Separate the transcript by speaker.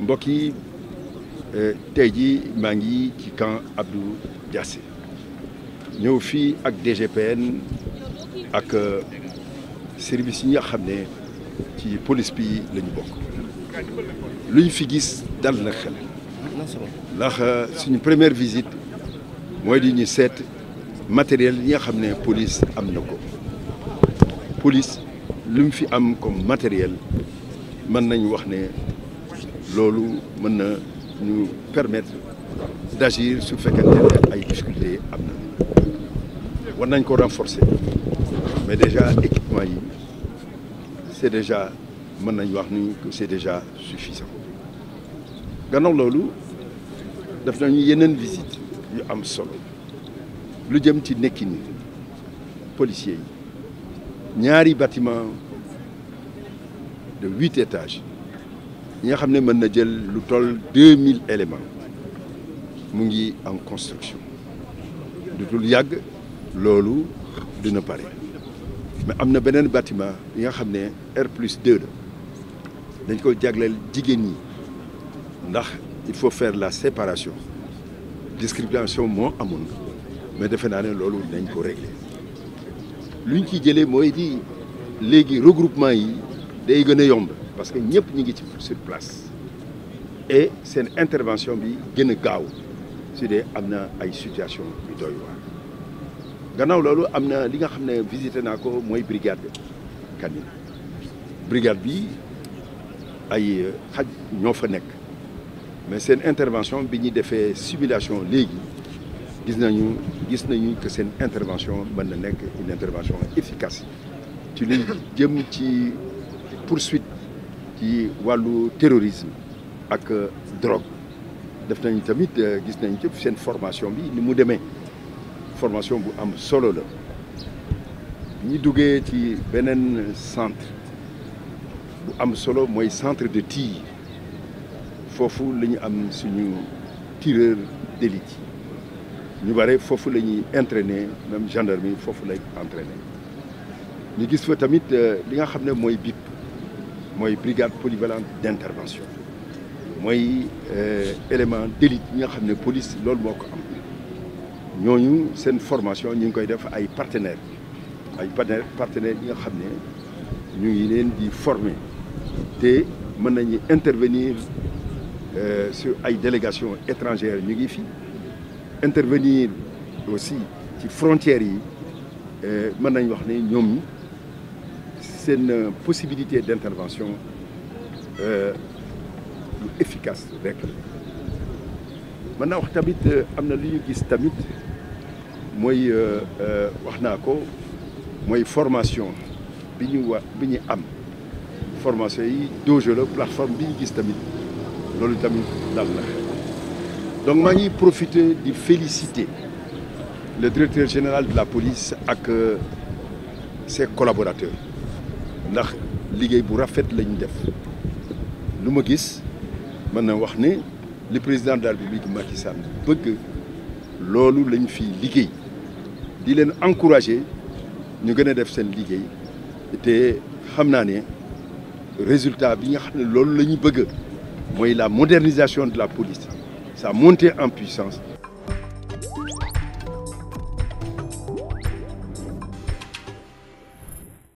Speaker 1: mbokk yi eh, tey jii maa ngi ci camp Abdou Diassé ñëw fii ak DGPN ak eh, service yi nga xam ne ci police bi la bokk luñu fi gis dal na xel ndax eh, suñu première visite mooy di ñu seet matériel yi nga xam ne police am na ko police li mu fi am comme matériel mën nañu wax ne loolu mën na ñu permettre d'agir su fekkente ne ay difficultés am na war nañ ko renforcer mais déjà équipement yi c'est déjà mën nañ wax ni que c'est déjà suffisant gannaaw loolu def nañu yeneen visite yu am solo lu jëm ci nekki ni policier yi ñaari bâtiment de huit étages yi nga xam ne mën na jël lu tol deux mille éléments mu ngi en construction dul yàgg loolu dina pare mais am na beneen bâtiment yi nga xam ne R plus deux la dañ ko jagleel jigéen ñi ndax il faut fair la séparation discrimination moo amoon mais defe naa ne loolu nañ ko régler lu ñu ciy jëlee mooy di léegi regroupement yi day gën a yomb parce que ñëpp ñu ngi ci sur place et seen intervention bi gën a gaaw su dee am na ay situation yu doy waar gannaaw loolu am na li nga xam ne visité naa ko mooy brigade canine brigade bi ay xaj ñoo fa nekk mais seen intervention bi ñu defee simulation léegi gis nañu gis nañu que seen intervention mën na nekk une intervention efficace ci li jëm ci poursuite ci wàllu terrorisme ak euh, drogue def nañ tamit euh, gis nañ ci seen formation bi ni mu demee formation bu am solo la ñu duggee ci beneen centre bu am solo mooy centre de tir foofu la ñu am suñu tireur d'élite ñu bare foofu la ñuy entraîner même gendarmerie foofu lay entraîner ñu gis fa tamit euh, li nga xam ne mooy BIP mooy brigade polyvalente d'intervention mooy euh, élément d'élite yi nga xam ne police loolu moo ko am ñooñu seen formation ñu ngi koy def ay partenaires ay partenaires partenaires yi nga xam ne ñu ngi leen di former te mën nañu intervenir euh, su ay délégations étrangères ñu ngi fii intervenir aussi ci frontières yi euh, mën nañ wax ni ñoom seen possibilité d'intervention euh, lu efficace rek mën wax tamit euh, am na lu ñu gis tamit mooy wax naa ko mooy formation bi ñu wa bi ñu am formation yi dojo la plateforme bi ñu gis tamit loolu tamit dal la donc maa ngi profiter di féliciter le directeur général de la police ak euh, ses collaborateurs ndax liggéey bu rafet lañu def lu ma gis mën na wax ne le président de la République Macky bëgg loolu lañ fi liggéey di leen encourager ñu gën a def seen liggéey te xam naa ne résultat bi nga xam ne loolu la ñu bëgg mooy la modernisation de la police sa montée en puissance.